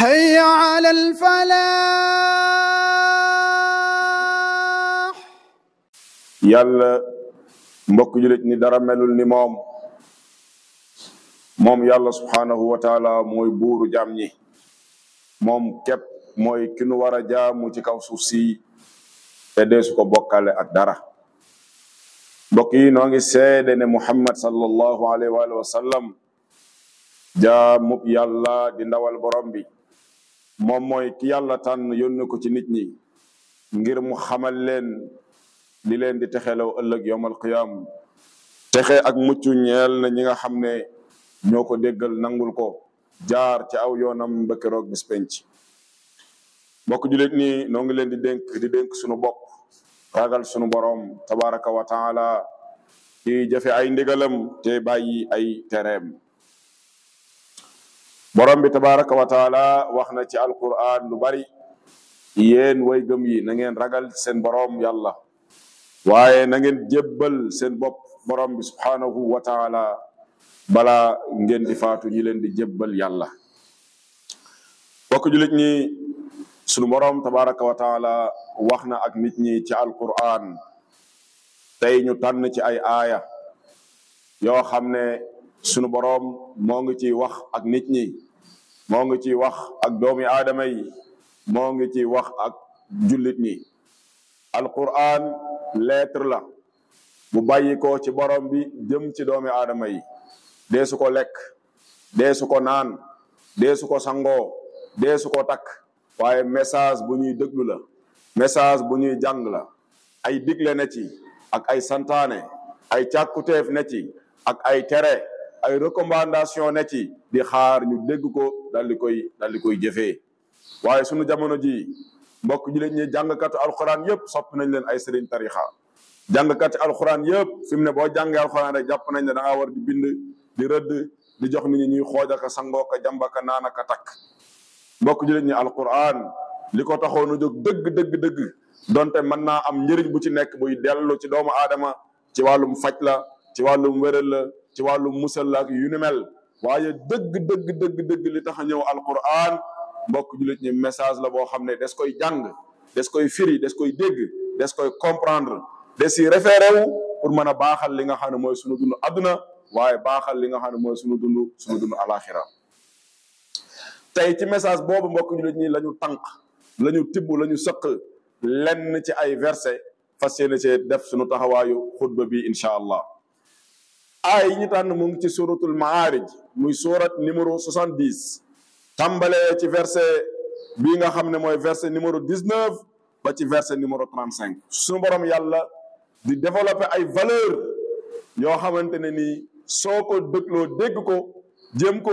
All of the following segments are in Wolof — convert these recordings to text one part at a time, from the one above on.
حي على الفلاح يلا مبوك جليت ني دارا ملول ني موم موم يلا سبحانه وتعالى موي بورو جام ني موم كيب موي كينو ورا جامو تي كاو سوسي ادي سوكو بوكالي اك دارا مبوك يي نوغي سيدنا محمد صلى الله عليه واله وسلم جامو يلا دي ندوال بروم بي moom mooy ki yàlla tànn yónni ko ci nit ñi ngir mu xamal leen li leen di texelaw ëllëg yowmal qiyaam texe ak mucc ñeel na ñi nga xam ne ñoo ko déggal nangul ko jaar ci aw yoonam ba keroog bis penc mbokk julit ni noo ngi leen di dénk di dénk sunu bopp ragal sunu borom tabaraka wa taala di jafe ay ndigalam te bàyyi ay tereem borom bi tabaraka wa taala wax na ci alquran lu bari yéen way gëm yi na ngeen ragal seen borom yàlla waaye na ngeen jébbal seen bopp borom bi subhanahu wa taala bala ngeen di faatu ñi leen di jébbal yàlla bokk julit ni sunu borom tabaraka wa taala wax na ak nit ñi ci alquran tey ñu tànn ci ay aaya yoo xam ne sunu borom moo ngi ciy wax ak nit ñi moo ngi ciy wax ak doomi aadama yi moo ngi ciy wax ak julit jullit ñi alquran lettre la bu bàyyi ci borom bi jëm ci doomi aadama yi dee su ko lekk dee su ko naan dee su ko sangoo dee su ko takk waaye message bu ñuy déglu message bu ñuy jàng la ay digle ne ci ak ay santaane ay càkkuteef ne ak ay tere ay recommandation ne di xaar ñu dégg ko dal di koy dal koy jëfe waaye sunu jamono ji mbokk ji leen ñi jàngkatu alxuraan yëpp sopp nañ leen ay sëriñ tarixa jàngkati alxuraan yëpp fi mu ne boo jàngee alxuraan rek jàpp nañ ne da ngaa war di bind di rëdd di jox nit ñi ñuy xooj ak a sangoo ka jàmb ak a takk mbokk ji leen ñi alxuraan li ko taxoon a jóg dëgg dëgg donte mën naa am njëriñ bu ci nekk buy dellu ci doomu aadama ci wàllum faj la ci wàllum wéral la ci walu musal ak yu ni mel waye deug deug deug deug li tax ñëw alquran mbokk jullit ñi message la bo xamne des koy jàng des koy firi des koy dégg des koy comprendre des si référé wu pour mëna baxal li nga xamne moy sunu dund aduna waye baxal li nga xamne moy sunu dund sunu dund alakhirah tay ci message bobu mbokk jullit ñi lañu tànk lañu tibbu lañu sekk lenn ci ay verset fas ci def sunu taxawayu khutba bi inshallah aay yi ñu tànn mu ngi ci suratul maarij muy surat numéro 70 tàmbalee ci verset bii nga xam ne mooy verset numéro 19 ba ci verset numéro 35 suñu borom yàlla di développer ay valeur yoo xamante ne nii soo ko dégloo dégg ko jéem ko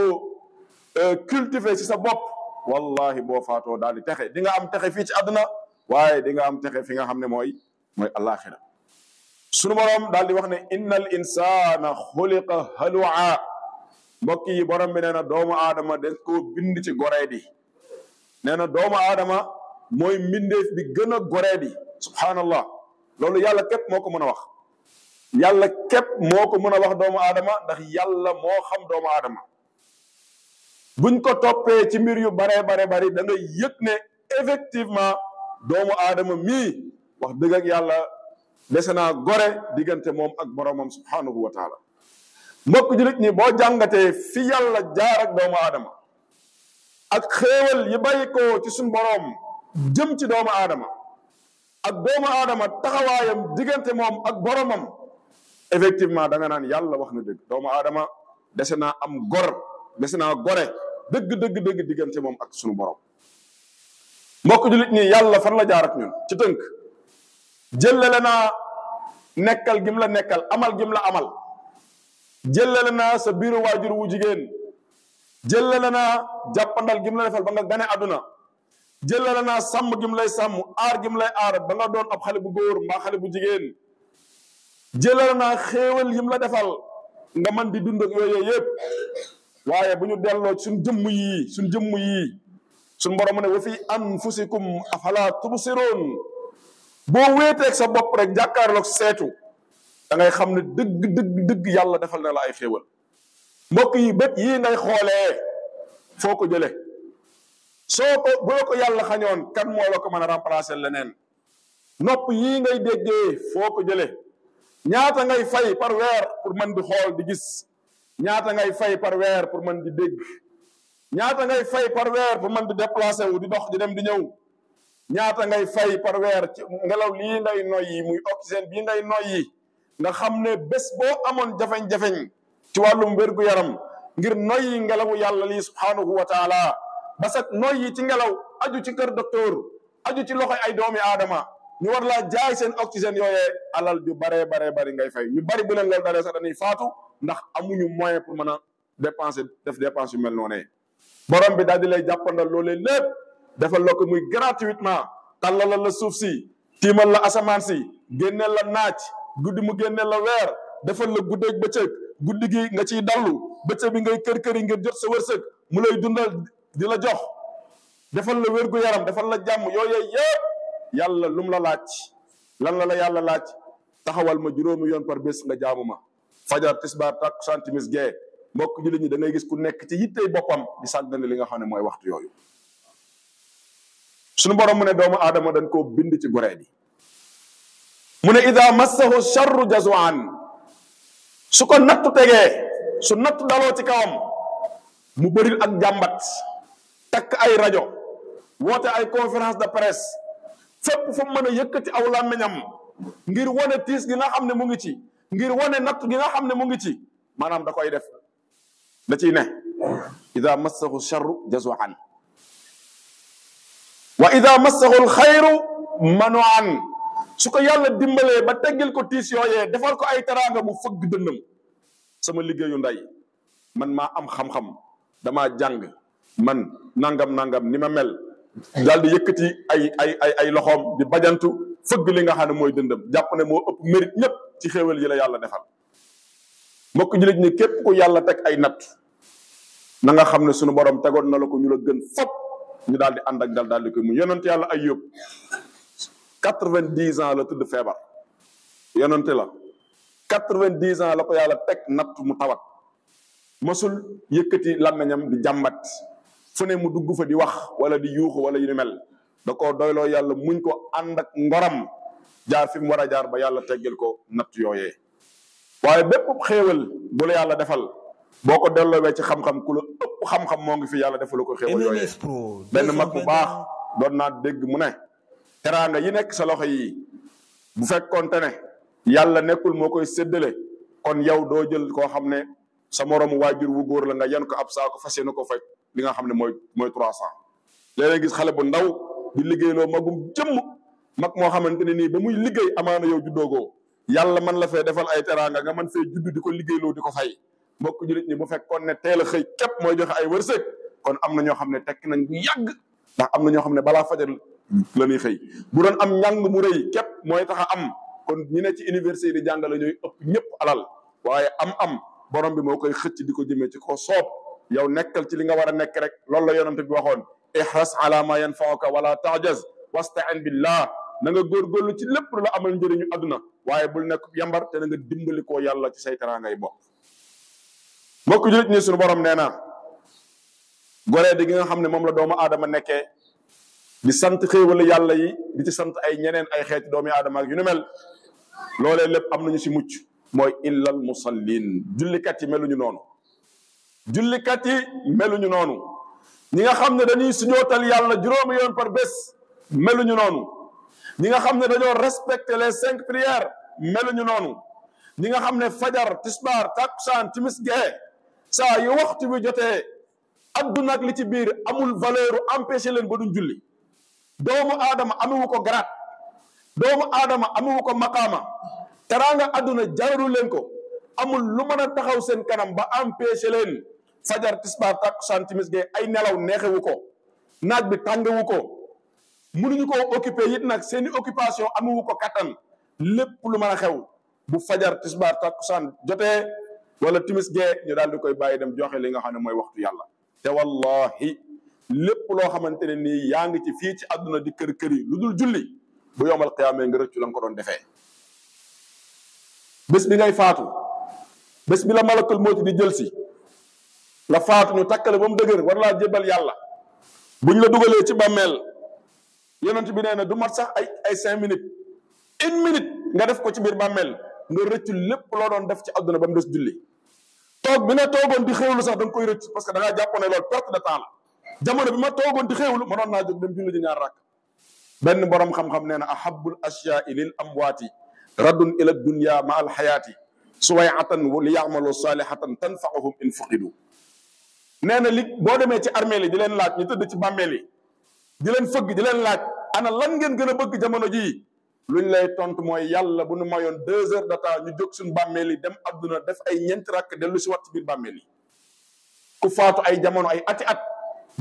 cultiver ci sa bopp wallahi boo faatoo daal di texe di nga am texe fii ci àdduna waaye di nga am texe fi nga xam ne mooy mooy àllaaxira sunu borom daal di wax ne innal insaana xuliqa halua mbokk yi borom bi nee na doomu aadama dañ koo bind ci goree di nee na doomu aadama mooy mbindeef bi gën a goree di subhaanallah loolu yàlla képp moo ko mën a wax yàlla képp moo ko mën a wax doomu aadama ndax yàlla moo xam doomu aadama buñ ko toppee ci mbir yu baree bare bari da nga yëg ne effectivement doomu aadama mii wax dëgg yàlla dese naa gore diggante moom ak boromam subhanahu wa taala mbokk julit ni boo jàngatee fi yàlla jaar ak doomu aadama ak xéewal yi bàyyi ko ci suñ boroom jëm ci doomu aadama ak doomu aadama taxawaayam diggante moom ak boromam effectivement danga naan yàlla wax na dëgg doomu aadama dese naa am gor dese naa gore dëgg dëgg dëgg diggante moom ak suñu borom mbokk julit ñi yàlla fan la jaarak ak ci tënk jëllale naa nekkal gim la nekkal amal gim la amal jëllale naa sa biiru waajur wu jigéen jëllale na jàppandal gim la defal ba nga gane àdduna jëllale naa sàmm gim lay sàmm aar gim lay aar ba nga doon ab xale bu góor mbaa xale bu jigéen jëllale na xéewal yim la defal nga man di dund ak yooyu waaye bu ñu delloo suñ jëmm yii suñ jëmm yii suñ borom ne wa fi anfusikum afala tubsiroon boo wéeteeg sa bopp rek jàkkaarloog seetu da ngay xam ne dëgg dëgg dëgg yàlla defal na la ay xéewal mbokk yi bët yii ngay xoolee foo ko jële soo ko boo ko yàlla xañoon kan moo la ko mën a remplacer leneen nopp yii ngay déggee foo ko jëlee ñaata ngay fay par weer pour mën di xool di gis ñaata ngay fay par weer pour mën di dégg ñaata ngay fay par weer pour mën di déplacer wu di dox di dem di ñëw ñaata ngay fay par wer ci ngelaw li nday noy muy oxygène bi nday noy nga xamné bés bo amone jafeñ-jafeñ ci walum wer wér-gu-yaram ngir noy ngelaw yàlla li subhanahu wa taala ba sa noyyi ci ngelaw aju ci kër docteur aju ci loxoy ay doomi adama ñu war la jaay seen oxygène yoyé alal ju bare bare bare ngay fay ñu bari bu len loolu dalee sax dañuy faatu ndax amuñu moyen pour mën dépenser def dépense yu mel noné borom bi dal di lay jàppandal lolé lépp defal la ko muy gratuitement tàllalal la suuf si tiimal la asamaan si génneel la naaj guddi mu génneel la weer defal la guddeeg bëccëg guddi gi nga ciy dallu bëccëg bi ngay kër këri ngir jot sa wërsëg mu lay dundal di la jox defal la wérgu yaram defal la jàmm yooyee yëpp yàlla lum la laaj lan la la yàlla laaj taxawal ma juróomi yoon par bés nga jaamu ma fajar tisbaar tak santimis gee mbokk jullit ñi da ngay gis ku nekk ci yittey boppam di sàggane li nga xam ne mooy waxtu yooyu suñu borom mu ne doomu aadama dañ koo bind ci goree bi mu ne ida massahu charru jazuan su ko nattu tegee su nattu daloo ci kawam mu bëril ak jàmbat takk ay rajo woote ay conférence de presse fépp fu mu mën a yëkkati aw làmmiñam ngir wone tiis gi nga xam ne mu ngi ci ngir wane natt gi nga xam ne mu ngi ci maanaam da koy def da ciy ne ida massahu charru jazuan wa ida massahul xayru manuan su ko yàlla dimbalee ba teggil ko tiis yooyee defal ko ay teraanga bu fëgg dënnam sama liggéeyu nday man maa am xam-xam damaa jàng man nangam nangam ni ma mel dal di yëkkati ay ay ay ay loxoom di bajantu fëgg li nga xam ne mooy dëndam jàpp ne moo ëpp mérite ñëpp ci xéewal yi la yàlla defal mbokk jullit ñi képp ku yàlla teg ay nat na nga xam ne sunu borom tegoon na la ko ñu la gën fop ñu daal di ànd ak dal daal di koy mu yonent yàlla Ayub quatre-vingt-dix ans la tudd feebar yonente la quatre-vingt-dix ans la ko yàlla teg natt mu tawat masul yëkkati làmmiñam di jàmbat fu ne mu dugg fa di wax wala di yuuxu wala yu mel da ko doyloo yàlla muñ ko ànd ak ngoram jaar fi mu war a jaar ba yàlla teggil ko natt yooyee waaye bépp xéewal bu yàlla defal boo ko delloowee ci xam-xam ku la ëpp xam-xam moo ngi fi yàlla defalu ko xéewal yooyee benn mag mu baax doon naa dégg mu ne teraanga yi nekk sa loxo yi bu fekkoonte ne yàlla nekkul moo koy seddale kon yow doo jël koo xam ne sa moroomu waajur wu góor la nga yan ko ab saako fas yéene ko faj li nga xam ne mooy mooy trois cent léeg-léeg gis xale bu ndaw di liggéeyloo magum jëmm mag moo xamante ne nii ba muy liggéey amaana yow juddoogoo yàlla man la fee defal ay teraanga nga man fee judd di ko liggéeyloo di ko fay mbokk jullit ñi bu fekkoon ne teel a xëy képp mooy joxe ay wërsëg kon am na ñoo xam ne tekki nañ bu yàgg ndax am na ñoo xam ne balaa fajar la ñuy xëy bu doon am njàng mu rëy képp mooy tax am kon ñi ne ci université di jàngale ñooy ëpp ñëpp alal waaye am-am borom bi moo koy xëcc di ko jëmee ci ko soob yow nekkal ci li nga war a nekk rek loolu la yonent bi waxoon ihras ala ma yanfauka wala taajaz wastain billah na nga góorgóorlu ci lépp lu la amal njëriñu àdduna waaye bul nekk yambar te na nga dimbali koo yàlla ci say teraangay bopp mbokk julit ñi suñu borom neena goré di nga xamné mom la doomu adama nekké di sant xéewal yàlla yi di ci sant ay ñeneen ay xéet doomu adama ak yu ñu mel lolé lépp am nañu ci mucc moy illal musallin julli kat yi melu ñu meluñu julli kat yi melu ñu noonu ñi nga xamné dañuy suñotal yàlla juroom yoon par bés melu ñu noonu ñi nga xamné dañoo respecter les cinq prières melu ñu noonu ñi nga xamné fajar tisbar takusaan timis gee sa yu waxtu bi jote adduna ak li ci biir amul valeur empêché leen ba du julli doomu aadama amewu ko garaat doomu aadama amewu ko maqaama teraanga adduna jaralu leen ko amul lu mën a taxaw seen kanam ba empêché leen fajar tisbaar takkusaan timis gee ay nelaw neexewu ko naaj bi tàngewu ko mënuñu ko occupé it nag seeni occupation amewu ko kattan lépp lu mën a xew bu fajar tisbaar takkusaan jotee wala timis gee ñu daal di koy bàyyi dem joxe li nga xam ne mooy waxtu yàlla te wallahi lépp loo xamante ne nii yaa ngi ci fii ci àdduna di kër kër yi lu dul julli bu yomal qiyaamee nga rëccu la nga ko doon defee bés bi ngay faatu bés bi la malakul mooti di jël si nga faatu ñu takkale ba mu dëgër war laa jébbal yàlla buñ la dugalee ci bàmmeel yonent bi nee na du mat sax ay ay cinq minutes une minute nga def ko ci biir bàmmeel nga rëccu lépp loo doon def ci àdduna ba mu des julli toog bi nga toogoon di xéewlu sax da nga koy rëcc parce que da ngaa jàppoon ne loolu perte de temps la jamono bi ma toogoon di xéewlu mënoon naa jóg dem julli ji ñaar rakk benn borom xam-xam nee na ahabul ashyaai lil amwaati raddun ila dunya ma al xayaati suwayatan li yaamalu saalihatan tanfaahum in fuqidu nee na li boo demee ci armeel yi di leen laaj ñu tëdd ci bàmmeel yi di leen fëgg di leen laaj ana lan ngeen gën a bëgg jamono jii ñu lay tontu mooy yàlla bu nu mayoon deux heures de ñu jóg suñu bàmmeel yi dem adduna def ay ñeenti ràkk dellu si wat ci biir bàmmeel yi ku faatu ay jamono ay ati at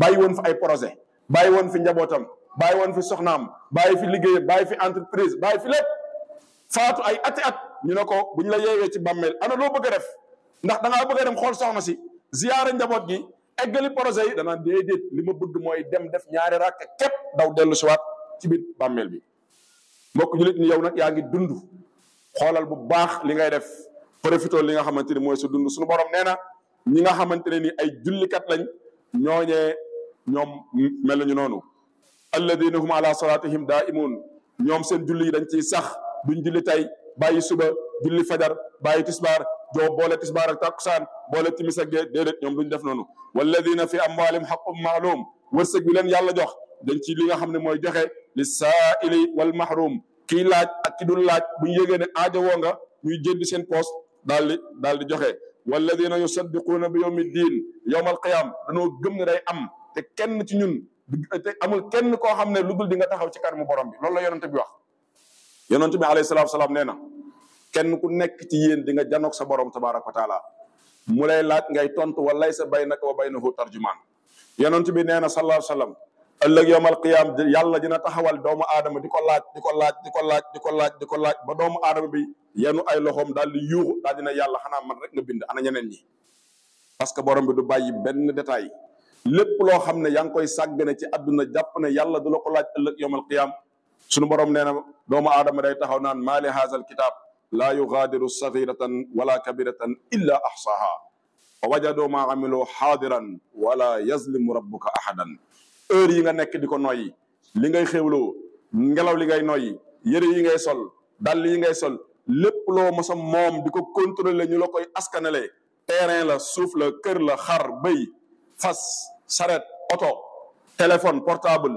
bàyyi woon fi ay projet bàyyi woon fi njabootam bàyyi woon fi soxnaam bàyyi fi liggéeyam bàyyi fi entreprise bàyyi fi lépp faatu ay ati at ñu ne ko buñ la yeewee ci bàmmeel ana loo bëgg a def ndax da ngaa bëgg dem xool soxna si ziyaara njaboot gi eggali projet yi danaan déedéet li ma budd mooy dem def ñaari rakk képp daw dellu si waat ci biir bàmmeel bi mbokk julit ni yow nag yaa ngi dund xoolal bu baax li ngay def profito li nga xamante ni sa dund suñu borom nee ñi nga xamante ni ay jullikat lañ ñooñee ñoom mel nañu noonu alladina hum ala salatihim daimun ñoom seen julli yi dañ ciy sax duñ julli tey bàyyi suba julli fajar bàyyi tisbaar joo boole tisbaar ak takusaan boole timis ak gee déedéet ñoom def noonu walladina fi amwalihim xaqum maalum wërsëg bi yàlla jox dañ ci li nga xam ne mooy joxe li saaili wal mahrum kii laaj ak ki dul laaj bu ñu yégee ne aajo woo nga ñuy jënd seen poos daal di daal di joxe walladina yusaddiquuna bi yawmi diin yawmal qiyaam dañoo gëm ne day am te kenn ci ñun te amul kenn koo xam ne lu dul nga taxaw ci kanamu borom bi loolu la yonente bi wax yonente bi alayhi salaatu salaam nee na kenn ku nekk ci yéen di nga janoog sa borom tabaraka wa taala mu lay laaj ngay tontu walay sa baynaka wa baynahu tarjumaan yonente bi nee na sallallahu alayhi ëllëg yowmal qiyam yàlla dina taxawal doomu aadama di ko laaj di ko laaj di ko laaj di ko laaj di ko laaj ba doomu aadama bi yenu ay loxom daal di yuuxu daal dina yàlla xanaa man rek nga bind ana ñeneen ñi parce que borom bi du bàyyi benn détail lépp loo xam ne yaa ngi koy sàggane ci àdduna jàpp ne yàlla du la ko laaj ëllëg yowmal qiyam sunu borom nee na doomu aadama day taxaw naan maa li haazal kitaab laa yugaadiru sagiratan wala kabiratan illa ahsaha wa wajadu maa amilu xaadiran wala yazlimu rabbuka ahadan heure yi nga nekk di ko noyyi li ngay xéwloo ngelaw li ngay noyyi yëre yi ngay sol dàll yi ngay sol lépp loo mos moom di ko contrôler ñu la koy askanale terrain la suuf la kër la xar bëy fas saret oto téléphone portable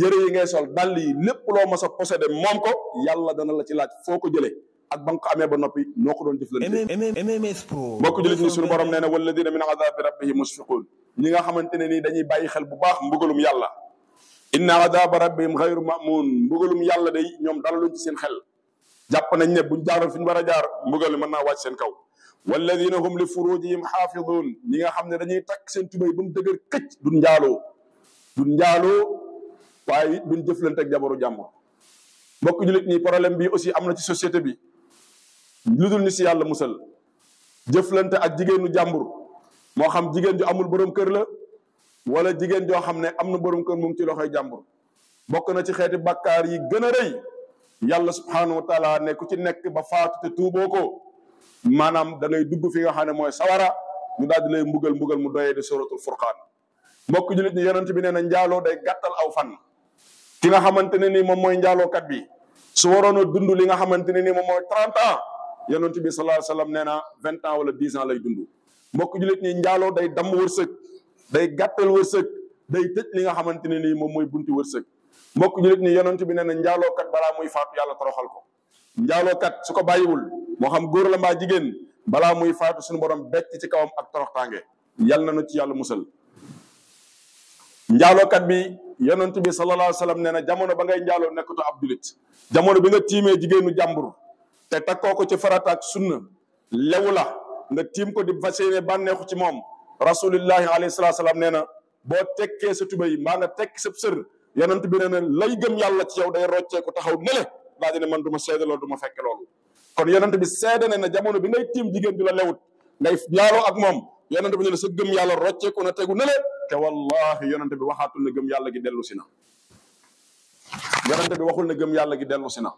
yëre yi ngay sol dàll yi lépp loo mos a possédé moom ko yàlla dana la ci laaj foo ko jëlee ak banque amee ba noppi noo ko doon jëflante MMS Pro mbokk jullit ñi suñu borom nee na walladina min azabi rabbihim ne nii dañuy bàyyi xel bu baax mbugalum yàlla inna azaba rabbihim xayru mamun mbugalum yàlla day ñoom dara luñ ci seen xel jàpp nañ ne buñ jaaroon fi ñu war a jaar mbugal mën naa wàcc seen kaw walladina hum li furujihim xaafidun ñi nga xam ne dañuy takk seen tubéy ba mu dëgër këcc duñ njaaloo duñ njaaloo waaye it duñ jëflante ak jabaru jàmm mbokk jullit ñi problème bi aussi am na ci société bi lu dul ni si yàlla musal jëflante ak jigéenu jàmbur moo xam jigéen ju amul borom kër la wala jigéen joo xam ne am na borom kër mu ngi ci loxoy jàmbur bokk na ci xeeti bàkkaar yi gën a rëy yàlla subhaanahu wa taala ne ci nekk ba faatu te tuuboo ko maanaam da dugg fi nga xam ne mooy sawara ñu di lay mbugal mbugal mu doyee di suratul furqaan mbokk jullit ñi bi nee na njaaloo day gàttal aw fan ki nga xamante ne ni moom mooy kat bi su waroon a dund li nga xamante ne moom mooy 30 ans yonent bi sallallahu alayhi wa sallam nee na vingt ans wala dix ans lay dund mbokk jullit ñi njaaloo day damm wërsëg day gàttal wërsëg day li nga xamante ne nii moom mooy bunti wërsëg mbokk jullit ñi yonent bi nee na njaalookat balaa muy faatu yàlla toroxal ko njaalookat su ko bàyyiwul moo xam góor jigéen balaa muy faatu suñu borom becc ci kawam ak toroxtaange yal na nu ci yàlla musal njaalookat bi yonent bi sallallahu alayhi wa sallam na jamono ba ngay njaaloo nekkatu ab jullit jamono bi nga tiimee jigéenu jàmbur te takkoo ko ci farata ak sunna lewu la nga tiim ko di fas yéene bànneexu ci moom rasulillahi alayhi salatu salaam nee na boo tekkee sa tubéy maa nga tekk sa sër yonent bi nee lay gëm yàlla ci yow day roccee taxaw nele daa dine man du ma seede du ma fekke loolu kon yonent bi seede ne na jamono bi ngay tiim jigéen ju la lewut ngay yaaloo ak moom yonent bi ne la sa gëm yàlla rocceeku na tegu nele te wallahi yonent bi waxaatul ne gëm yàlla gi dellu si na yonent bi waxul ne gëm yàlla gi dellu si na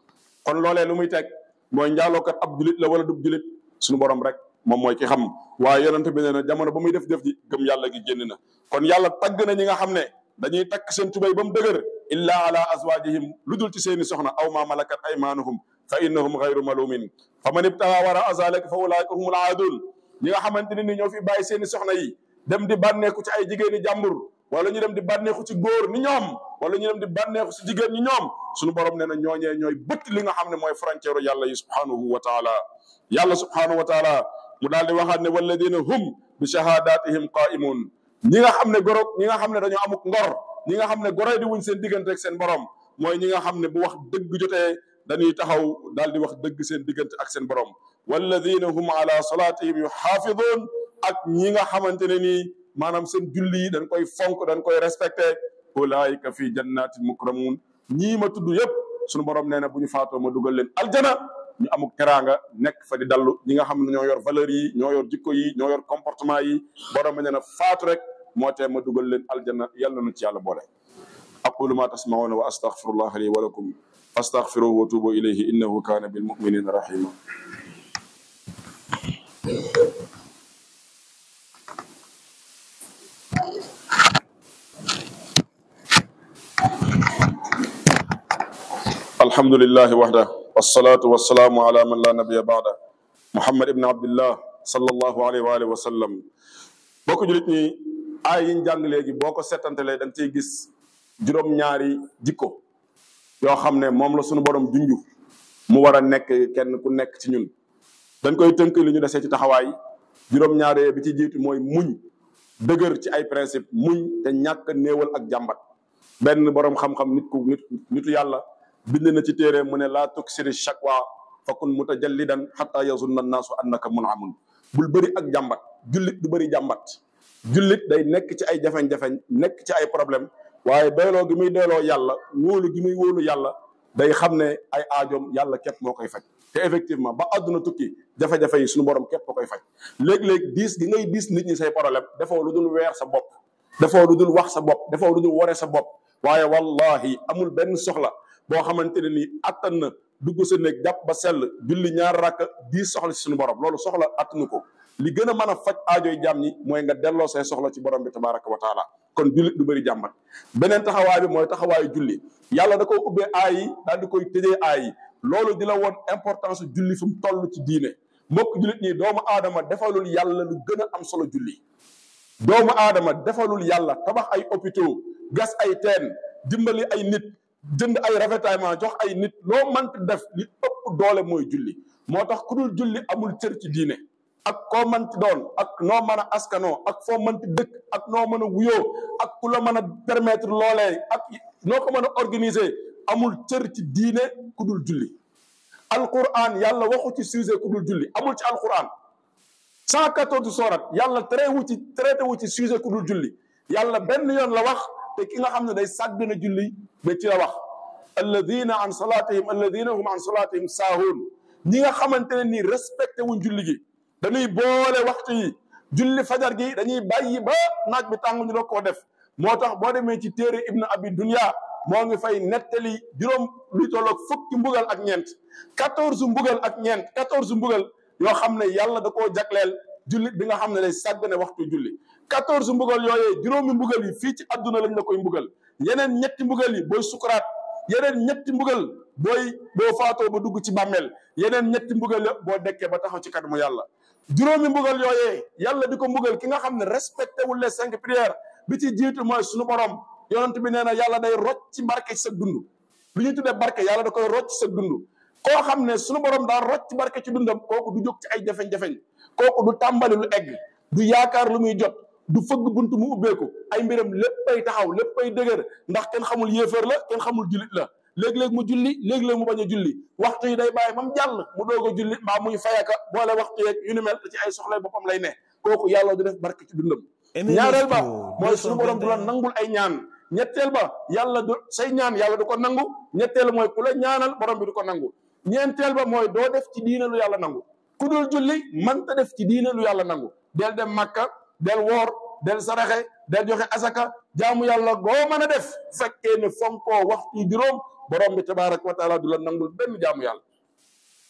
teg mooy njaalookat ab julit la wala dub julit suñu borom rek moom mooy ki xam waaye yonent bi nee na jamono ba muy def jëf ji gëm yàlla gi génn na kon yàlla tagg na ñi nga xam ne dañuy takk seen tubay ba mu dëgër illa ala azwajihim lu dul ci seeni soxna aw ma malakat aymanuhum fa innahum xayru malumin fa man ibtaha wara azalika fa ulaika humul aadun ñi nga xamante ne ni ñoo fi bàyyi seeni soxna yi dem di bànneeku ci ay jigéeni jàmbur wala ñu dem di banexu ci góor ni ñom wala ñu dem di banexu ci jigéen ñi ñom suñu borom neena ñoñe ñoy bëtt li nga xamne moy frontière yàlla subhanahu wa taala yàlla subhanahu wa taala mu dal di waxat ne walladina hum bi shahadatihim qaimun ñi nga xamne gorok ñi nga xamne dañu amuk ngor ñi nga xamne goray di wuñ seen diggante ak seen borom moy ñi nga xamne bu wax dëgg jotté dañuy taxaw dal di wax dëgg seen diggante ak seen borom walladina hum ala salatihim yuhafidun ak ñi nga xamantene ni maanaam seen julli yi dañ koy fonk dañ koy respecté ulaayika fi jannatin mukramun ñii ma tudd yëpp sunu borom nee na bu ñu faatoo ma dugal leen aljana ñu amuk teraanga nekk fa di dallu ñi nga xam ne ñoo yor valeur yi ñoo yor jikko yi ñoo yor comportement yi borom nee na faatu rek moo tee ma dugal leen aljana yàlla nu ci yàlla boole aqulu ma tasmauna wa astaghfirullah li wa lakum fastaghfiruhu wa tubu ilayhi innahu kaana bil muminina rahima الحمد لله وحده والصلاة والسلام على من لا نبي بعده محمد ابن عبد الله صلى الله عليه وآله وسلم بوكو جلتني آي ينجان لأجي بوكو ستان تلي دانتي جيس جروم نياري ديكو يو خامنة مملو سنو بروم دنجو موارا نك كن كن نك تنين دان كوي تنك لنجو دسيتي تحواي جروم نياري بيتي جيت موي مون دغر تي اي برنسيب مون تنياك نيول اك جامبات بن بروم خام خام نيت كو نيت يالله bind na ci téere mu ne la dan laa tuksiri shakwa fakun mutajallidan xataa yazunna naasu annaka mun'amun bul bëri ak jàmbat jullit du bëri jàmbat jullit day nekk ci ay jafeñ-jafeñ nekk ci ay problème waaye doyloo gi muy doyloo yàlla wóolu gi muy wóolu yàlla day xam ne ay aajoom yàlla képp moo koy faj effectivement ba àdduna tukki jafe-jafe yi suñu borom képp moo koy faj léeg-léeg diis gi ngay diis nit ñi say problème defoo lu dul weer sa bopp defoo lu dul wax sa bopp defoo lu dul sa bopp waaye wallahi amul benn soxla boo xamante ne nii attan dugg sa néeg jàpp ba sell julli ñaari rakk di soxla si suñu borom loolu soxla attanu ko li gën a mën a faj aajoy jàmm ñi mooy nga delloo say soxla ci borom bi tabaraka wa taala kon jullit du bëri jàmbat beneen taxawaay bi mooy taxawaayu julli yàlla da koo ubbee aay yi daal di koy tëjee aay yi loolu di la woon importance julli fi toll ci diine mbokk jullit nii doomu aadama defalul yàlla lu gën a am solo julli doomu aadama defalul yàlla tabax ay gas ay teen dimbali ay nit jënd ay ravitaillement jox ay nit loo mënti def li ëpp doole mooy julli moo tax ku julli amul cër ci diine ak ko mënti doon ak noo mën a askanoo ak foo mënti dëkk ak noo mën a wuyoo ak ku la mën a permettre loolee ak noo ko mën a organiser amul cër ci diine ku dul julli alquran yàlla waxu ci sujet ku dul julli amul ci alquran cent quatorze sorat yàlla traité wu ci traité wu ci sujet ku julli yàlla benn yoon la wax te ki nga xam day sàgg julli ba ci la wax alladina an salaatihim alladina hum an salaatihim saahuun ñi nga xamante ne nii respecté wuñ julli gi dañuy boole waxtu yi julli fajar gi dañuy bàyyi ba naaj bi tàng ñu doog koo def moo tax boo demee ci téere ibnu abi dunya moo ngi fay nettali juróom luy tolloog fukki mbugal ak ñeent quatorze mbugal ak ñeent quatorze mbugal yoo xam yàlla da koo jagleel jullit bi nga xam ne day waxtu julli quatorze mbugal yooyee juróomi mbugal yi fii ci adduna lañ la koy mbugal yeneen ñetti mbugal yi booy sukuraat yeneen ñetti mbugal booy boo faatoo ba dugg ci bàmmeel yeneen ñetti mbugal yëpp boo dekkee ba taxaw ci kanamu yàlla juróomi mbugal yooyee yàlla di ko mbugal ki nga xam ne respecté wul les cinq prières bi ci jiitu mooy suñu borom yonent bi nee na yàlla day rocc ci barke ci sa dund lu ñuy tuddee barke yàlla da koy rocc ci sa dund koo xam ne suñu borom daa rocc ci barke ci dundam kooku du ci ay jafeñ-jafeñ kooku du tàmbali lu egg du yaakaar lu du fëgg bunt mu ubbeeku ay mbiram léppay taxaw léppay dëgër ndax kenn xamul yéefar la xamul jullit la léeg-léeg mu julli léeg-léeg mu bañ a julli waxtu yi day bàyyi mam jàll mu doog a julli mbaa muy fayaka boole waxtu yeeg yu ni mel ci ay soxlay lay ne kooku yàlla du def barke ci dundam ñaareel ba mooy suñu borom du la nangul ay ñaan ñetteel ba yàlla du say ñaan yàlla du ko nangu ñetteel mooy ku la ñaanal borom bi du ko nangu ñeenteel ba mooy doo def ci diine lu yàlla nangu ku dul def ci diine yàlla nangu del de màkka del woor del saraxe del joxe asaka jaamu yàlla goo mën a def fekkee ne fonkoo waxtu juróom borom bi tabaraka wa taala du la nangul benn jaamu yàlla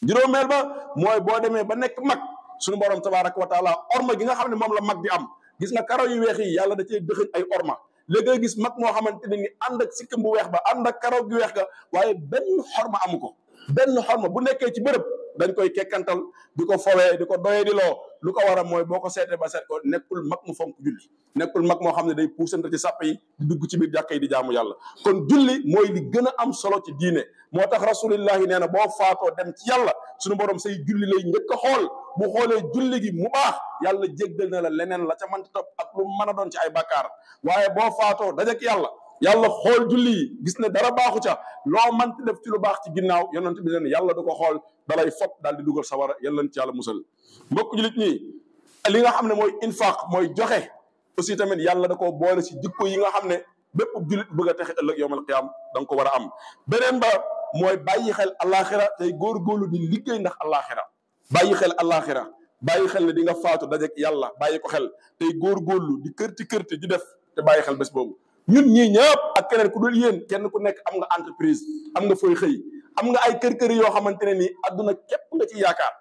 juróomeel ba mooy boo demee ba nekk mag suñu borom tabaraka wa taala orma gi nga xam ne moom la mag di am gis na karaw yu weex yi yàlla da cee dëxëñ ay orma léegi gis mag moo xamante ne ni ànd ak sikkim bu weex ba ànd ak karaw gi weex ga waaye benn ma amu ko benn xorma bu nekkee ci bërëb dañ koy kekkantal di ko fowee di ko doyee di loo lu ko waral mooy boo ko seetee ba seet ko nekkul mag mu fonk julli nekkul mag moo xam ne day puusante ci sàpp yi di dugg ci biir jàkka yi di jaamu yàlla kon julli mooy li gën a am solo ci diine moo tax rasulillahi nee na boo faatoo dem ci yàlla suñu borom say julli lay njëkk xool bu xoolee julli gi mu baax yàlla jéggal na la leneen la ca mënti topp ak lu mën a doon ci ay bàkkaar waaye boo faatoo dajek yàlla yàlla xool julli gis ne dara baaxu ca loo mënti def ci lu baax ci ginnaaw yonent bi ne yàlla da ko xool dalay fop daal di dugal sawara yàlla ci yàlla musal mbokk jullit ñi li nga xam ne mooy infaq mooy joxe aussi tamit yàlla da ko boole si jikko yi nga xam bépp jullit bëgg a texe yowmal qiyaam da ko war am beneen ba mooy bàyyi xel àllaaxira tey góorgóorlu di liggéey ndax àllaaxira bàyyi xel àllaaxira bàyyi xel ne di nga faatu dajeeg yàlla bàyyi ko xel tey góorgóorlu di kërti kërti di def te bàyyi xel bés boobu ñun ñii ñëpp ak keneen ku dul yéen kenn ku nekk am nga entreprise am nga fooy xëy am nga ay kër kër yoo xamante ne nii adduna képp nga ci yaakaar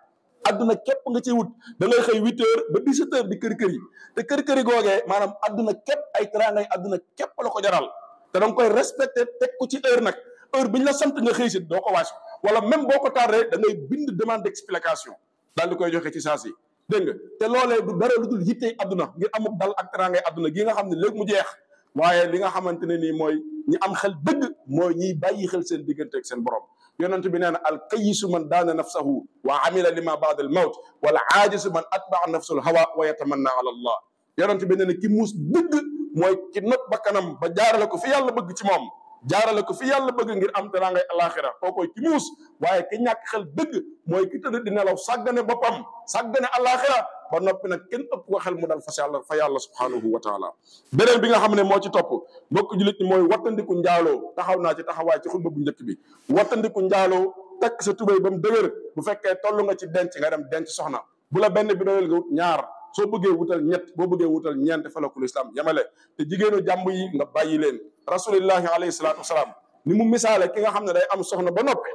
adduna képp nga ciy wut da ngay xëy huit ba dix sept di kër kër yi te kër kër yi googee maanaam adduna képp ay teraangay adduna képp la ko jaral te danga koy respecté teg ko ci heure nag heure bi ñu la sant nga xëy si doo ko wàcc wala même boo ko tardé da ngay bind demande explication daal di koy joxe ci saa si dégg nga te loolee du dara lu dul yittey adduna ngir amuk dal ak teraangay adduna gi nga xam ne léegi mu jeex waaye li nga xamante ne nii mooy ñi am xel dëgg mooy ñiy bàyyi xel seen diggante ak seen borom yonent bi nee na al qayisu man daana nafsahu wa amila lima baada al mawt wal aajisu man atbaa nafsul hawa wa yatamanna ala allah yonent bi nee na ki muus dëgg mooy ki not bakkanam ba jaarale ko fi yàlla bëgg ci moom jaarale ko fi yàlla bëgg ngir am te daa ngay alaxira kookoy ki muus waaye ki ñàkk xel dëgg mooy ki tëdd di nelaw sàggane boppam sàggane alaxira ba noppi nag kenn ëpp ko xel mu dal fa yàlla fa yàlla subhaanahu wa taala beneen bi nga xam ne moo ci topp mbokk jullit ñi mooy wattandiku njaaloo taxaw naa ci taxawaay ci xutba bu njëkk bi wattandiku njaaloo takk sa tubéy ba mu dëgër bu fekkee toll nga ci denc nga dem denc soxna bu benn bi doyal nga wut ñaar soo bëggee wutal ñett boo wutal ñeent falakul islam yemale te jigéenu jàmb yi nga bàyyi leen rasulillahi alayhi salaatu wasalaam ni mu misaale ki nga xam ne day am soxna ba noppi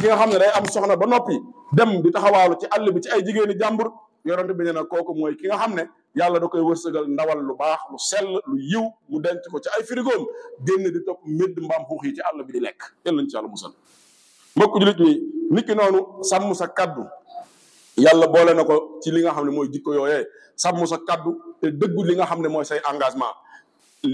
ki nga xam ne day am soxna ba noppi dem bi taxawaalo ci àll bi ci ay jigéenu jàmbur yonent bi nee na kooku mooy ki nga xam ne yàlla da koy wërsëgal ndawal lu baax lu sell lu yiw mu denc ko ci ay firigoom génn di topp médd mbaam xuux yi ci àll bi di lekk yàlla nañ ci yàlla musal mbokku jullit ñi nit ki noonu sàmm sa kaddu yàlla boole na ko ci li nga xam ne mooy jikko yooyee sàmm sa kaddu dëggu li nga xam ne mooy say engagement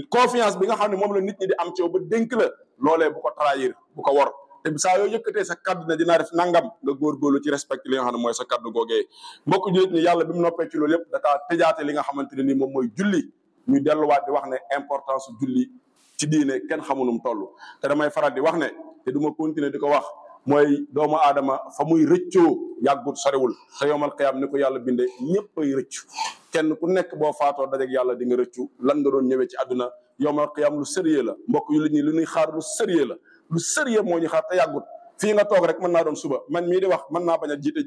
confiance bi nga xam ne moom la nit ñi di am ci yow ba dénk la loole bu ko trahir bu ko wor te saa yoo yëkkatee sa kaddu ne dinaa def nangam nga góorgóorlu ci respect li nga xam ne mooy sa kaddu googee mbokk jullit yàlla bi mu noppee ci loolu yëpp dakaa li nga xamante ne ni moom mooy julli ñu delluwaat di wax ne importance julli ci diine kenn xamunum toll te damay faral di wax ne te du ma continuer di ko wax mooy doomu aadama fa muy rëccoo yàggut soriwul te yomal xiyaam ni ko yàlla binde ñëpp ay rëccu kenn ku nekk boo faatoo dajeeg yàlla di nga rëccu lan nga doon ñëwee ci àdduna yomal xiyaam lu sérieux la mbokk yu li ñi lu nuy xaar lu sérieux la lu sérieux moñu ñu xaar te yàggut fii nga tok rek man na doon suba man mi di wax man na baña jité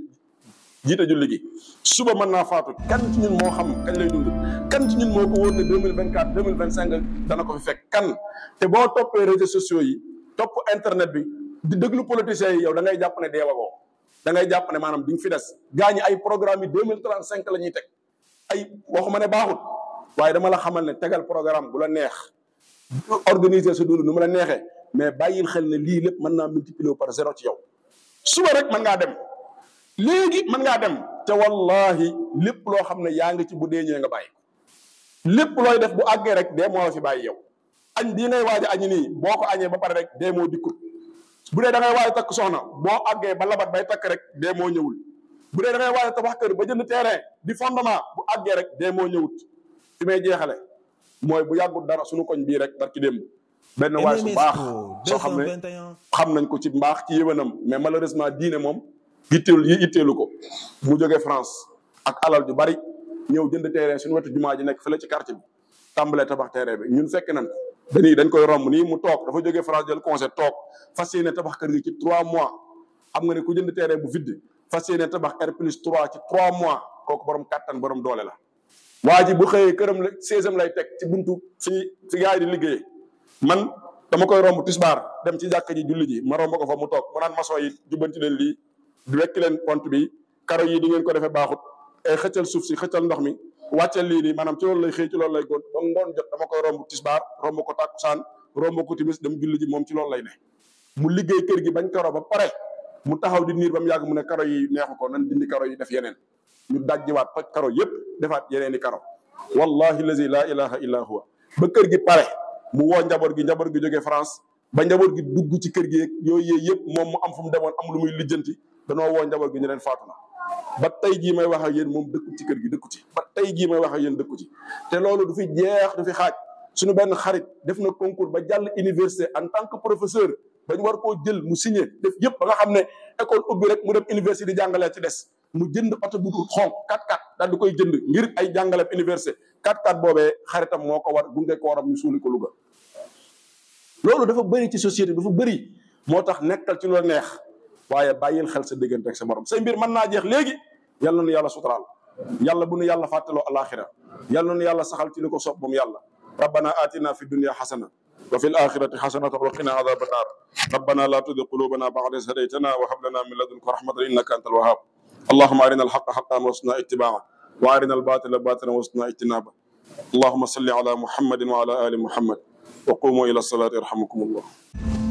jité julli gi suba man na faatu kan ci ñun mo xam kan lay dund kan ci ñun moko ko 2024 2025 dana ko fi fek kan te bo topé réseaux sociaux yi top internet bi di déglu politiciens yi yow da ngay jàpp ne deewagoo da ngay japp ne manam di fi dess gaañi ay programme yi 2035 lañuy tek ay waxuma ne baaxut waye dama la xamal ne tegal programme bu la neex organiser sa dund nu mu la nexé mais bayil xel ne li lepp man na multiplier par zéro ci yow suba rek man nga dem legui man nga dem te wallahi lepp lo xamne ne yaa ci bu dee nga bàyyi lepp loy def bu agge rek dee mo la fi bàyyi yow añ di ngay waji a ni boko boo ba pare rek dee mo dikku bu dee da ngay waaj tak soxna bo agge ba labat bay tak rek dee mo ñewul bu dee da ngay waaj tabax keur ba jënd terrain di fondement bu agge rek dee mo ñewut fi may jeexale mooy bu yàggul dara suñu koñ bi rek barki dembu benn waay su baax soo xam ne xam nañ ko ci mbaax ci yéwénam mais malheureusement diine moom itteelu yi itteelu ko mu jógee France ak alal ju bari ñëw jënd terrain suñu wetu jumaa ji nekk fële ci quartier bi tàmbalee tabax terrain bi ñun fekk nañ dañuy dañ koy romb nii mu toog dafa jógee France jël conseil toog fas yéene tabax kër gi ci trois mois xam nga ne ku jënd terrain bu fidd fas yéene tabax R plus trois ci trois mois kooku borom kattan borom doole la waa ji bu këram la seizième lay teg buntu fi fi gars di liggéeyee man dama koy romb tisbaar dem ci jàkk ji julli ji ma romb ko fa mu toog mu naan maçon yi jubbanti leen lii wekki leen pont bi karo yi di ngeen ko defee baaxut ay xëccal suuf si xëccal ndox mi wàcceel lii nii maanaam ci loolu lay xëy ci loolu lay góon ba ngoon jot dama koy romb tisbaar romb ko tàkkusaan romb ko timis dem julli moom ci loolu lay ne mu liggéey kër gi bañ karo ba pare mu taxaw di niir ba mu yàgg mu ne karo yi neexu ko nan dindi karo yi def yeneen ñu dajjiwaat toj karo yépp defaat yeneeni karo wallahi lazi la ilaha illa huwa ba kër gi pare mu wo njaboot gi njaboot gi joge France ba njaboot gi dugg ci kër gi yooyu yooyu mom mu am fu mu demoon am lu muy lijeenti da no wo njaboot gi ñu leen faatu ba tay jii may wax ak yeen mom dekk ci kër gi dekk ci ba tay jii may wax ak yeen dekk ci te lolu du fi jeex du fi xaj suñu ben xarit def na concours ba jall université en tant que professeur bañ war ko jël mu signé def yëpp ba nga xamné école ubbi rek mu dem université di jàngalee ci dess mu jënd auto bu dul xonk 4-4 dal di jënd ngir ay jangalé université 4-4 bobé xaritam moko war gunge ko waram ñu suuli ko Louga loolu dafa bëri ci société bi dafa bëri moo tax nekkal ci lu la neex waaye bàyyil xel sa diggante ak sa morom say mbir mën naa jeex léegi yàlla nu yàlla suturaal yàlla bu nu yàlla fàttaloo alaxira yàlla nu yàlla saxal ci li ko sopp moom yàlla rabbana atina fi dunia xasana wa fi alaxirati xasanatan wa qina adaba naar rabbana la tuzig qulubana ba'da iz hadaytana wa hab lana min ladunka rahmatan innaka anta alwahhab اللهم أرنا الحق حقا وارزقنا اتباعه وأرنا الباطل باطلا وارزقنا اجتنابه اللهم صل على محمد وعلى آل محمد وقوموا إلى الصلاة يرحمكم الله